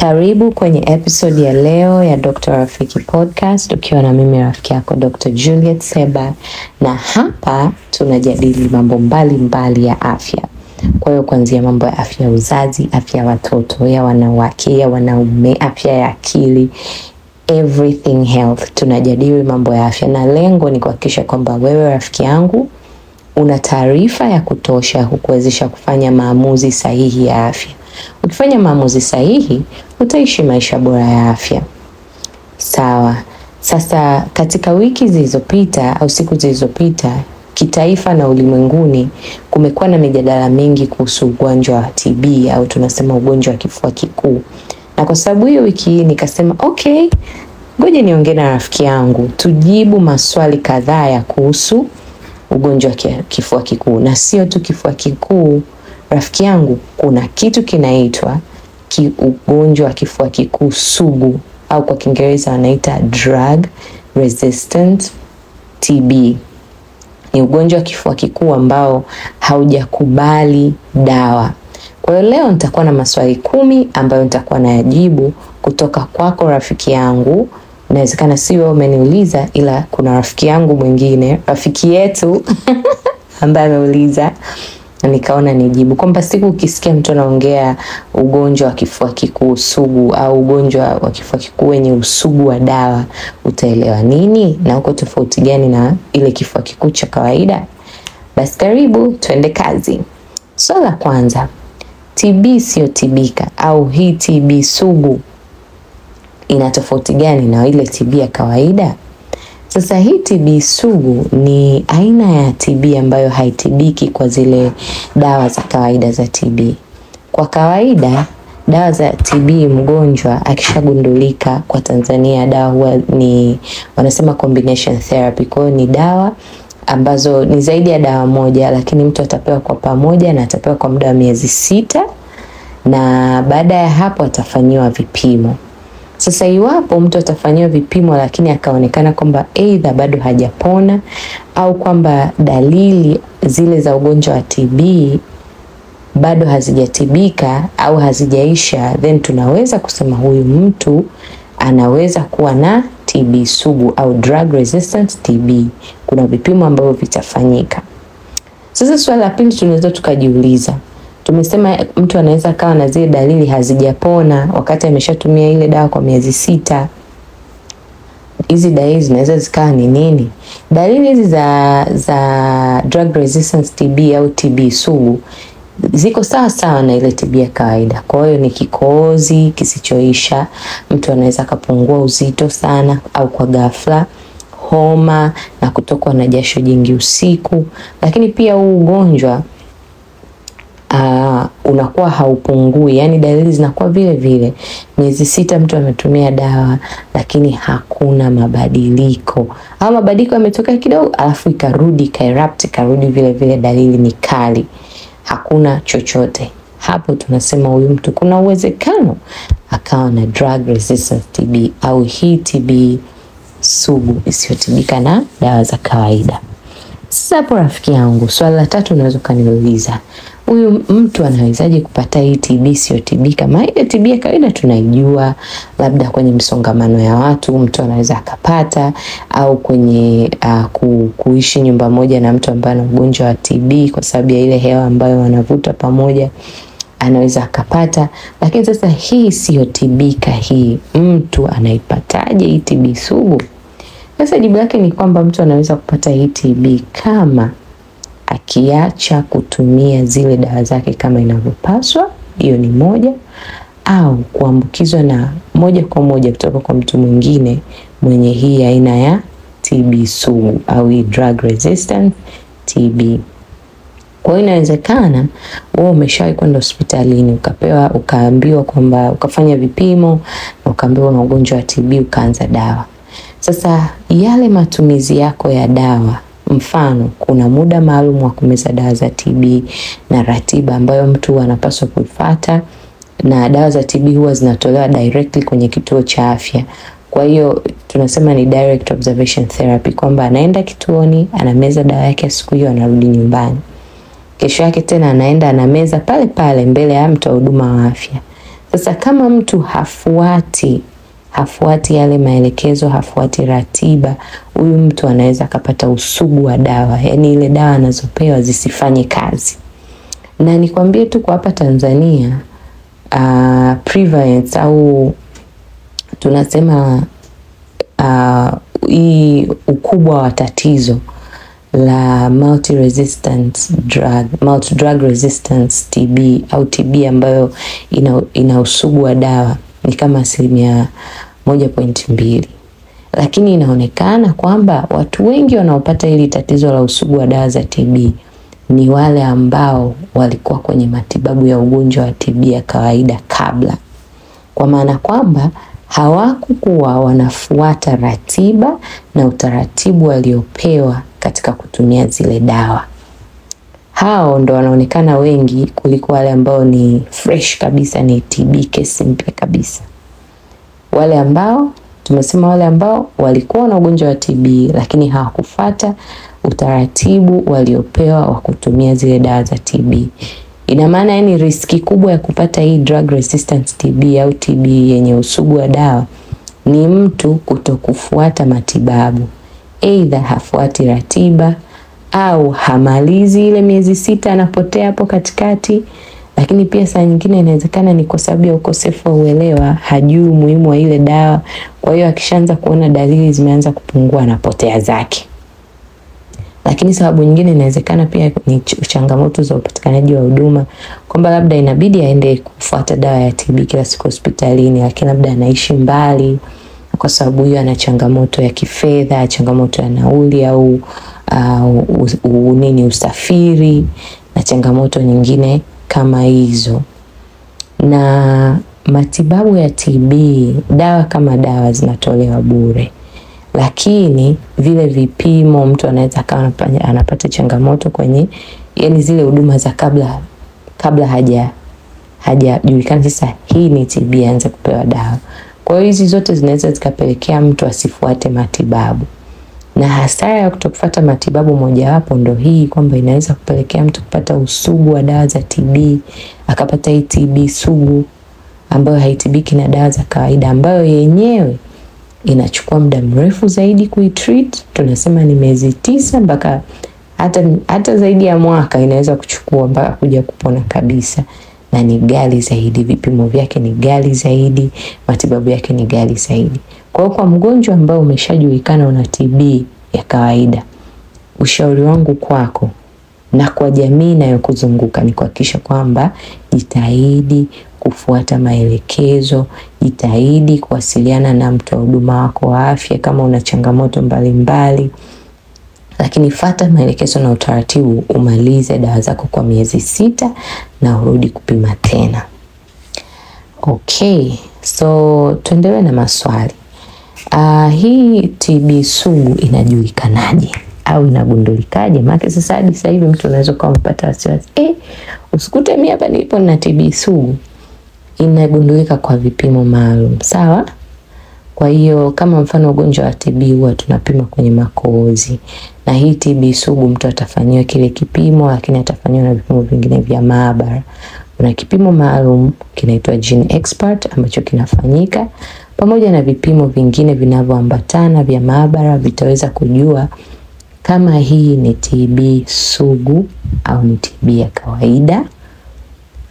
Karibu kwenye episodi ya leo ya Dr. Rafiki Podcast ukiwa na mimi rafiki yako Dr. Juliet Seba, na hapa tunajadili mambo mbalimbali ya afya. Kwa hiyo kuanzia mambo ya afya ya uzazi, afya ya watoto, ya wanawake, ya wanaume, afya ya akili everything health, tunajadili mambo ya afya, na lengo ni kuhakikisha kwamba wewe rafiki yangu una taarifa ya kutosha kukuwezesha kufanya maamuzi sahihi ya afya. Ukifanya maamuzi sahihi, utaishi maisha bora ya afya. Sawa. Sasa katika wiki zilizopita au siku zilizopita, kitaifa na ulimwenguni, kumekuwa na mijadala mingi kuhusu ugonjwa wa TB au tunasema ugonjwa wa kifua kikuu, na kwa sababu hiyo, wiki hii nikasema okay, ngoja niongee na rafiki yangu tujibu maswali kadhaa ya kuhusu ugonjwa wa kifua kikuu na sio tu kifua kikuu Rafiki yangu, kuna kitu kinaitwa kiugonjwa wa kifua kikuu sugu au kwa Kiingereza wanaita drug resistant TB. Ni ugonjwa wa kifua kikuu ambao haujakubali dawa. Kwa hiyo leo nitakuwa na maswali kumi ambayo nitakuwa yajibu kutoka kwako rafiki yangu. Inawezekana si wewe umeniuliza, ila kuna rafiki yangu mwingine, rafiki yetu ambaye ameuliza nikaona nijibu kwamba siku ukisikia mtu anaongea ugonjwa wa kifua kikuu sugu au ugonjwa wa kifua kikuu wenye usugu wa dawa, utaelewa nini na uko tofauti gani na ile kifua kikuu cha kawaida. Basi karibu tuende kazi. Swala la kwanza, TB isiyotibika au hii TB sugu ina tofauti gani na ile TB ya kawaida? Sasa hii TB sugu ni aina ya TB ambayo haitibiki kwa zile dawa za kawaida za TB. Kwa kawaida dawa za TB mgonjwa akishagundulika, kwa Tanzania dawa huwa ni wanasema combination therapy. Kwa hiyo ni dawa ambazo ni zaidi ya dawa moja, lakini mtu atapewa kwa pamoja na atapewa kwa muda wa miezi sita, na baada ya hapo atafanyiwa vipimo. Sasa iwapo mtu atafanyiwa vipimo lakini akaonekana kwamba aidha bado hajapona au kwamba dalili zile za ugonjwa wa TB bado hazijatibika au hazijaisha, then tunaweza kusema huyu mtu anaweza kuwa na TB sugu au drug resistant TB. Kuna vipimo ambavyo vitafanyika. Sasa suala la pili tunaweza tukajiuliza Tumesema mtu anaweza kawa na zile dalili hazijapona wakati ameshatumia ile dawa kwa miezi sita. Hizi dalili zinaweza zikawa ni nini? Dalili hizi za, za drug resistance TB au TB sugu ziko sawa sawa na ile TB ya kawaida. Kwa hiyo ni kikohozi kisichoisha, mtu anaweza akapungua uzito sana au kwa ghafla, homa na kutokwa na jasho jingi usiku, lakini pia huu ugonjwa uh, unakuwa haupungui, yani dalili zinakuwa vile vile. Miezi sita mtu ametumia dawa lakini hakuna mabadiliko, au mabadiliko yametokea kidogo, alafu ikarudi ikaerupt, ikarudi vile vile, dalili ni kali, hakuna chochote hapo tunasema huyu mtu kuna uwezekano akawa na drug resistant TB au hii TB sugu isiyotibika na dawa za kawaida. Sasa hapo, rafiki yangu, swali la tatu unaweza ukaniuliza, huyu mtu anawezaje kupata hii TB sio TB kama ile TB ya kawaida tunaijua, labda kwenye msongamano ya watu mtu anaweza akapata, au kwenye uh, ku, kuishi nyumba moja na mtu ambaye ana ugonjwa wa TB kwa sababu ya ile hewa ambayo wanavuta pamoja anaweza akapata. Lakini sasa hii siyo tibika, hii mtu anaipataje hii TB sugu? Sasa jibu lake ni kwamba mtu anaweza kupata hii TB kama akiacha kutumia zile dawa zake kama inavyopaswa, hiyo ni moja, au kuambukizwa na moja kwa moja kutoka kwa mtu mwingine mwenye hii aina ya TB sugu au hii drug resistant TB. Kwa hiyo inawezekana wewe umeshawahi kwenda hospitalini ukapewa, ukaambiwa kwamba ukafanya vipimo na ukaambiwa na ugonjwa wa TB ukaanza dawa. Sasa yale matumizi yako ya dawa Mfano, kuna muda maalum wa kumeza dawa za TB na ratiba ambayo mtu anapaswa kuifata na dawa za TB huwa zinatolewa directly kwenye kituo cha afya. Kwa hiyo tunasema ni direct observation therapy kwamba anaenda kituoni, anameza dawa yake siku hiyo, anarudi nyumbani. Kesho yake tena anaenda anameza pale pale mbele ya mtu wa huduma wa afya. Sasa kama mtu hafuati hafuati yale maelekezo, hafuati ratiba, huyu mtu anaweza akapata usugu wa dawa, yaani ile dawa anazopewa zisifanye kazi. Na nikwambie tu kwa hapa Tanzania uh, ah, prevalence au tunasema ah, hii ukubwa wa tatizo la multi resistant drug, multi drug resistance TB au TB ambayo ina, ina usugu wa dawa ni kama asilimia moja pointi mbili, lakini inaonekana kwamba watu wengi wanaopata hili tatizo la usugu wa dawa za TB ni wale ambao walikuwa kwenye matibabu ya ugonjwa wa TB ya kawaida kabla, kwa maana kwamba hawakukuwa wanafuata ratiba na utaratibu waliopewa katika kutumia zile dawa. Hao ndo wanaonekana wengi kuliko wale ambao ni fresh kabisa, ni TB kesi mpya kabisa. Wale ambao tumesema, wale ambao walikuwa na ugonjwa wa TB lakini hawakufata utaratibu waliopewa wa kutumia zile dawa za TB. Ina maana yani, riski kubwa ya kupata hii drug resistant TB au TB yenye usugu wa dawa ni mtu kutokufuata matibabu, aidha hafuati ratiba au hamalizi ile miezi sita, anapotea hapo katikati. Lakini pia saa nyingine inawezekana ni kwa sababu ya ukosefu wa uelewa, hajui umuhimu wa ile dawa. Kwa hiyo akishaanza kuona dalili zimeanza kupungua, anapotea zake. Lakini sababu nyingine inawezekana pia ni changamoto za upatikanaji wa huduma, kwamba labda inabidi aende kufuata dawa ya TB kila siku hospitalini, lakini labda anaishi mbali, kwa sababu hiyo ana changamoto ya kifedha, changamoto ya nauli au uh, nini usafiri na changamoto nyingine kama hizo. Na matibabu ya TB, dawa kama dawa zinatolewa bure, lakini vile vipimo mtu anaweza akawa anapata changamoto kwenye, yani zile huduma za kabla kabla haja hajajulikana sasa hii ni TB, anza kupewa dawa. Kwa hiyo hizi zote zinaweza zikapelekea mtu asifuate matibabu na hasara ya kutokufuata matibabu mojawapo ndo hii kwamba inaweza kupelekea mtu kupata usugu wa dawa za TB, akapata hii TB sugu ambayo haitibiki na dawa za kawaida, ambayo yenyewe inachukua muda mrefu zaidi kuitreat. Tunasema ni miezi tisa mpaka hata, hata zaidi ya mwaka inaweza kuchukua mpaka kuja kupona kabisa, na ni ghali zaidi, vipimo vyake ni ghali zaidi, matibabu yake ni ghali zaidi. Kwa hiyo kwa mgonjwa ambao umeshajulikana una TB ya kawaida, ushauri wangu kwako na kwa jamii inayokuzunguka ni kuhakikisha kwamba jitahidi kufuata maelekezo, jitahidi kuwasiliana na wa huduma wako wa afya kama una changamoto mbalimbali mbali. Lakini fata maelekezo na utaratibu, umalize dawa zako kwa miezi sita na urudi kupima tena. Okay, so tuendelee na maswali. Uh, hii TB sugu inajulikanaje au inagundulikaje? Maana sasa hadi sasa hivi mtu anaweza kuwa amepata wasiwasi eh, usikute mimi hapa nilipo na TB sugu. Inagundulika kwa vipimo maalum, sawa. Kwa hiyo kama mfano ugonjwa wa TB huwa tunapima kwenye makohozi, na hii TB sugu mtu atafanyiwa kile kipimo, lakini atafanyiwa na vipimo vingine vya maabara. Kuna kipimo maalum kinaitwa GeneXpert ambacho kinafanyika pamoja na vipimo vingine vinavyoambatana vya maabara vitaweza kujua kama hii ni TB sugu au ni TB ya kawaida,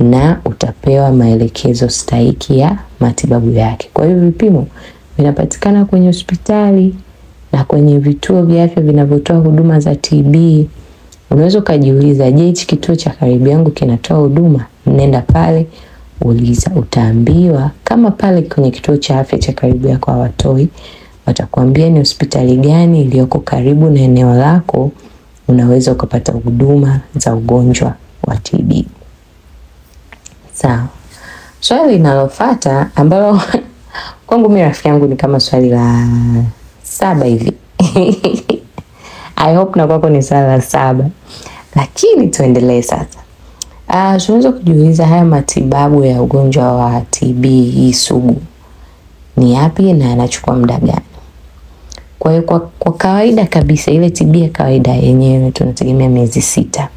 na utapewa maelekezo stahiki ya matibabu yake. Kwa hiyo vipimo vinapatikana kwenye hospitali na kwenye vituo vya afya vinavyotoa huduma za TB. Unaweza ukajiuliza, je, hichi kituo cha karibu yangu kinatoa huduma? Nenda pale uliza, utaambiwa. Kama pale kwenye kituo cha afya cha karibu yako hawatoi, watakuambia ni hospitali gani iliyoko karibu na eneo lako, unaweza ukapata huduma za ugonjwa wa TB. Sawa. Swali linalofuata ambalo kwangu mimi rafiki yangu ni kama swali la saba hivi I hope na kwako ni swali la saba, lakini tuendelee sasa. Uh, ah, tunaweza kujiuliza haya matibabu ya ugonjwa wa TB hii sugu ni yapi na yanachukua muda gani? Kwa hiyo kwa, kwa kawaida kabisa ile TB ya kawaida yenyewe tunategemea miezi sita.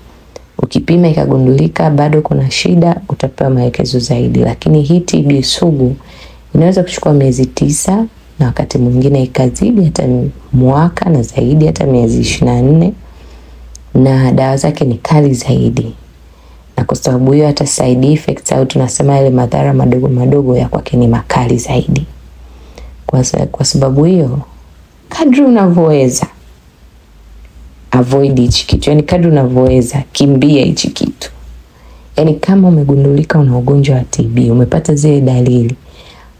Ukipima ikagundulika bado kuna shida, utapewa maelekezo zaidi, lakini hii TB sugu inaweza kuchukua miezi tisa na wakati mwingine ikazidi hata mwaka na zaidi, hata miezi ishirini na nne na dawa zake ni kali zaidi na kwa sababu hiyo hata side effects au tunasema yale madhara madogo madogo ya kwake ni makali zaidi. Kwa, kwa sababu hiyo kadri unavyoweza avoid hichi kitu, yani kadri unavyoweza kimbia hichi kitu. Yani kama umegundulika una ugonjwa wa TB, umepata zile dalili,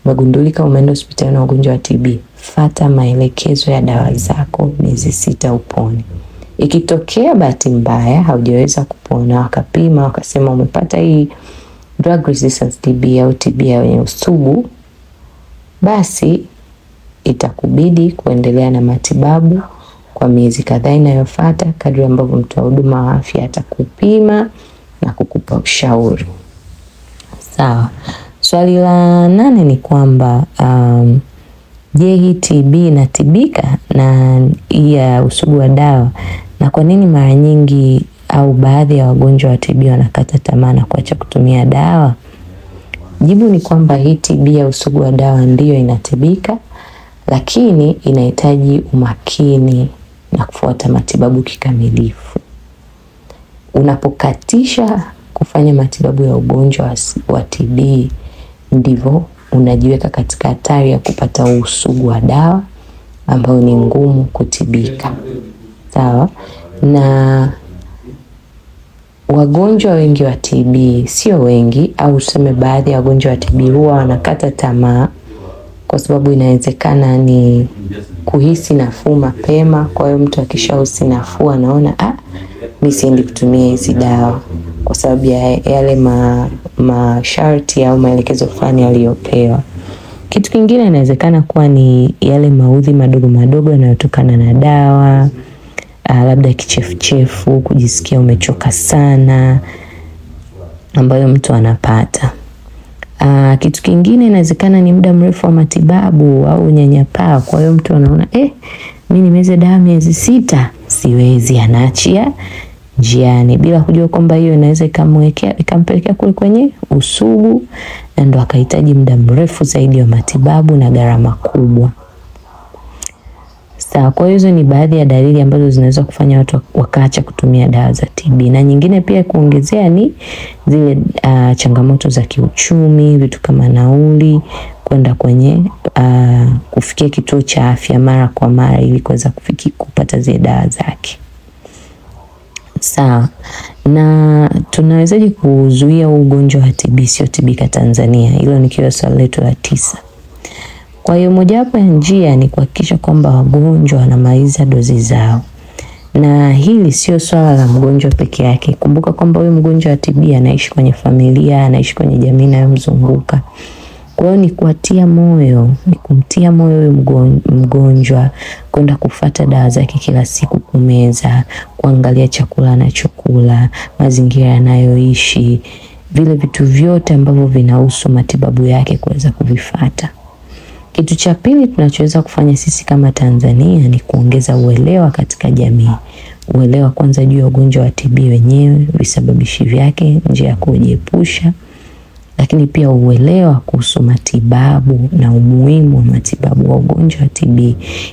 umegundulika umeenda hospitali na ugonjwa wa TB, fata maelekezo ya dawa zako miezi sita upone. Ikitokea bahati mbaya haujaweza kupona, wakapima wakasema umepata hii drug resistance TB au TB yenye usugu, basi itakubidi kuendelea na matibabu kwa miezi kadhaa inayofuata, kadri ambavyo mtoa huduma wa afya atakupima na kukupa ushauri. Sawa. Swali la nane ni kwamba um, Je, hii TB inatibika na hii ya usugu wa dawa? Na kwa nini mara nyingi au baadhi ya wagonjwa wa TB wanakata tamaa na kuacha kutumia dawa? Jibu ni kwamba hii TB ya usugu wa dawa ndiyo inatibika, lakini inahitaji umakini na kufuata matibabu kikamilifu. Unapokatisha kufanya matibabu ya ugonjwa wa TB ndivyo unajiweka katika hatari ya kupata usugu wa dawa ambayo ni ngumu kutibika. Sawa na wagonjwa wengi wa TB, sio wengi au tuseme baadhi ya wagonjwa wa TB huwa wanakata tamaa, kwa sababu inawezekana ni kuhisi nafuu mapema. Kwa hiyo mtu akishahisi nafuu anaona ah mi siendi kutumia hizi dawa kwa sababu ya yale masharti ma au maelekezo fulani aliyopewa. Kitu kingine inawezekana kuwa ni yale maudhi madogo madogo yanayotokana na dawa, uh, labda kichefuchefu, kujisikia umechoka sana ambayo mtu anapata. uh, kitu kingine inawezekana ni muda mrefu wa matibabu au unyanyapaa. Kwa hiyo mtu anaona eh, mi nimeze dawa miezi sita siwezi, anaachia njiani bila kujua kwamba hiyo inaweza ikamwekea ikampelekea kule kwenye usugu, na ndo akahitaji muda mrefu zaidi wa matibabu na gharama kubwa. Sawa, kwa hizo ni baadhi ya dalili ambazo zinaweza kufanya watu wakaacha kutumia dawa za TB, na nyingine pia kuongezea ni zile uh, changamoto za kiuchumi, vitu kama nauli, kwenda kwenye uh, kufikia kituo cha afya mara kwa mara ili kuweza kufiki kupata zile dawa zake. Sawa. Na tunawezaje kuzuia huu ugonjwa wa TB usiotibika Tanzania? Hilo nikiwa swali letu la tisa. Kwa hiyo mojawapo ya njia ni kuhakikisha kwamba wagonjwa wanamaliza dozi zao, na hili sio swala la mgonjwa peke yake. Kumbuka kwamba huyu mgonjwa wa TB anaishi kwenye familia, anaishi kwenye jamii inayomzunguka. Kwa hiyo ni kuatia moyo, ni kumtia moyo huyo mgonjwa kwenda kufata dawa zake kila siku, kumeza, kuangalia chakula anachokula, mazingira yanayoishi, vile vitu vyote ambavyo vinahusu matibabu yake kuweza kuvifata. Kitu cha pili tunachoweza kufanya sisi kama Tanzania ni kuongeza uelewa katika jamii. Uelewa kwanza juu ya ugonjwa wa TB wenyewe, visababishi vyake, njia ya kujiepusha lakini pia uelewa kuhusu matibabu na umuhimu wa matibabu wa ugonjwa wa TB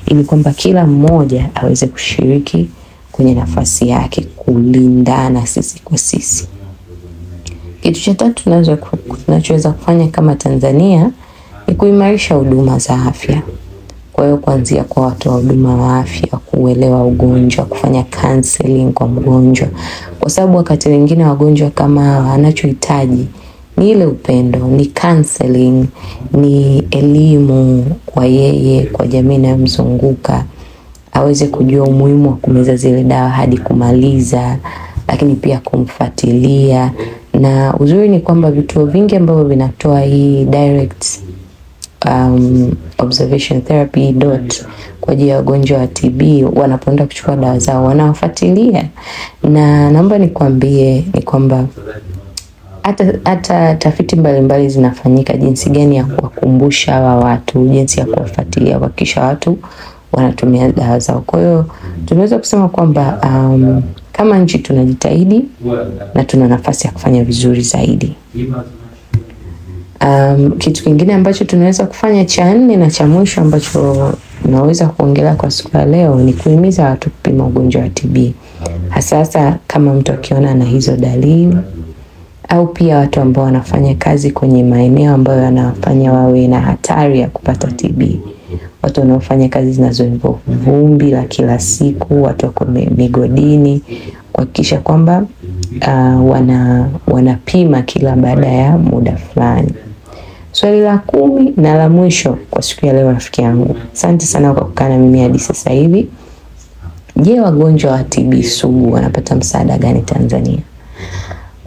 ili kwamba kila mmoja aweze kushiriki kwenye nafasi yake kulindana sisi kwa sisi. Kitu cha tatu tunachoweza kufanya kama Tanzania ni kuimarisha huduma za afya. Kwa hiyo kuanzia kwa wa huduma wa afya kuelewa ugonjwa, kufanya counseling kwa mgonjwa, kwa sababu wakati wengine wagonjwa kama wanachohitaji ni ile upendo, ni counseling, ni elimu kwa yeye, kwa jamii inayomzunguka aweze kujua umuhimu wa kumeza zile dawa hadi kumaliza, lakini pia kumfuatilia. Na uzuri ni kwamba vituo vingi ambavyo vinatoa hii direct um, observation therapy dot kwa ajili ya wagonjwa wa TB wanapoenda kuchukua dawa zao wanawafuatilia, na naomba nikwambie ni kwamba hata hata tafiti mbalimbali zinafanyika jinsi gani ya kuwakumbusha hawa watu, jinsi ya kuwafuatilia, kuhakikisha watu wanatumia dawa zao. Kwa hiyo tunaweza kusema kwamba um, kama nchi tunajitahidi na tuna nafasi ya kufanya vizuri zaidi. Um, kitu kingine ambacho tunaweza kufanya cha nne na cha mwisho ambacho naweza kuongelea kwa siku ya leo ni kuhimiza watu kupima ugonjwa wa TB, hasa kama mtu akiona na hizo dalili au pia watu ambao wanafanya kazi kwenye maeneo ambayo yanawafanya wawe na hatari ya kupata TB, watu wanaofanya kazi zinazoinvolve vumbi la kila siku, watu wako migodini, kuhakikisha kwamba uh, wana wanapima kila baada ya muda fulani. Swali la kumi na la mwisho kwa siku ya leo, rafiki yangu, asante sana kwa kukaa na mimi hadi sasa hivi. Je, wagonjwa wa TB sugu wanapata msaada gani Tanzania?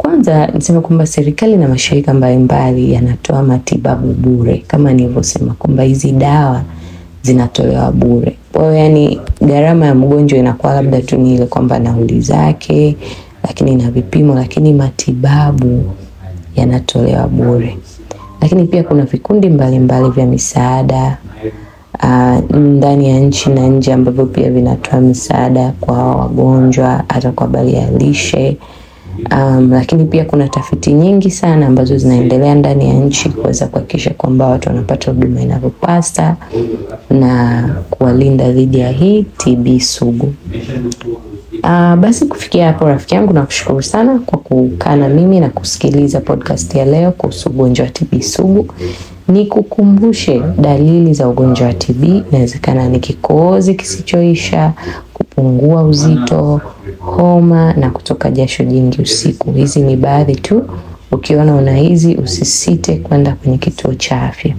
Kwanza niseme kwamba serikali na mashirika mbalimbali yanatoa matibabu bure, kama nilivyosema kwamba hizi dawa zinatolewa bure. Kwa hiyo yani, gharama ya mgonjwa inakuwa labda tu ni ile kwamba nauli zake, lakini na vipimo, lakini matibabu yanatolewa bure. Lakini pia kuna vikundi mbalimbali vya misaada uh, ndani ya nchi na nje ambavyo pia vinatoa misaada kwa wagonjwa, hata kwa bali ya lishe um, lakini pia kuna tafiti nyingi sana ambazo zinaendelea ndani ya nchi kuweza kuhakikisha kwamba watu wanapata huduma inavyopasa na kuwalinda dhidi ya hii TB sugu. Uh, basi kufikia hapo rafiki yangu, nakushukuru sana kwa kukaa na mimi na kusikiliza podcast ya leo kuhusu ugonjwa wa TB sugu. Nikukumbushe dalili za ugonjwa wa TB, inawezekana ni kikohozi kisichoisha, kupungua uzito homa na kutoka jasho jingi usiku. Hizi ni baadhi tu. Ukiona una hizi usisite kwenda kwenye kituo cha afya.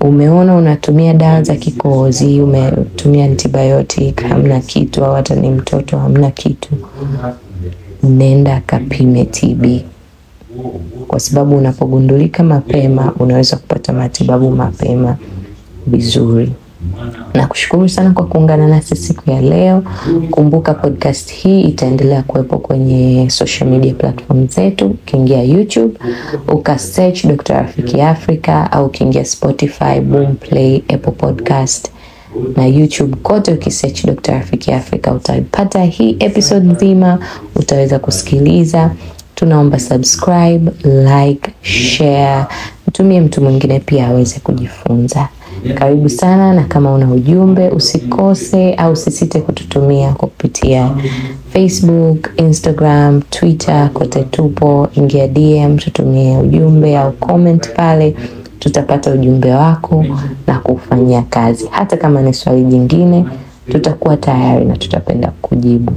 Umeona unatumia dawa za kikohozi, umetumia antibiotic, hamna kitu, au hata ni mtoto hamna kitu, nenda kapime TB, kwa sababu unapogundulika mapema unaweza kupata matibabu mapema vizuri. Nakushukuru sana kwa kuungana nasi siku ya leo. Kumbuka podcast hii itaendelea kuwepo kwenye social media platform zetu. Ukiingia YouTube uka search Dr. Rafiki Africa, au ukiingia Spotify, Boomplay, Apple Podcast na YouTube kote ukisearch Dr. Rafiki Africa utapata hii episode nzima, utaweza kusikiliza. Tunaomba subscribe, like, share, mtumie mtu mwingine pia aweze kujifunza. Karibu sana, na kama una ujumbe usikose au usisite kututumia kupitia Facebook, Instagram, Twitter, kote tupo. Ingia DM, tutumie ujumbe au comment pale, tutapata ujumbe wako na kufanyia kazi. Hata kama ni swali jingine, tutakuwa tayari na tutapenda kujibu.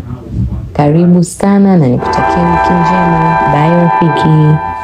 Karibu sana na nikutakia wiki njema. Bye rafiki.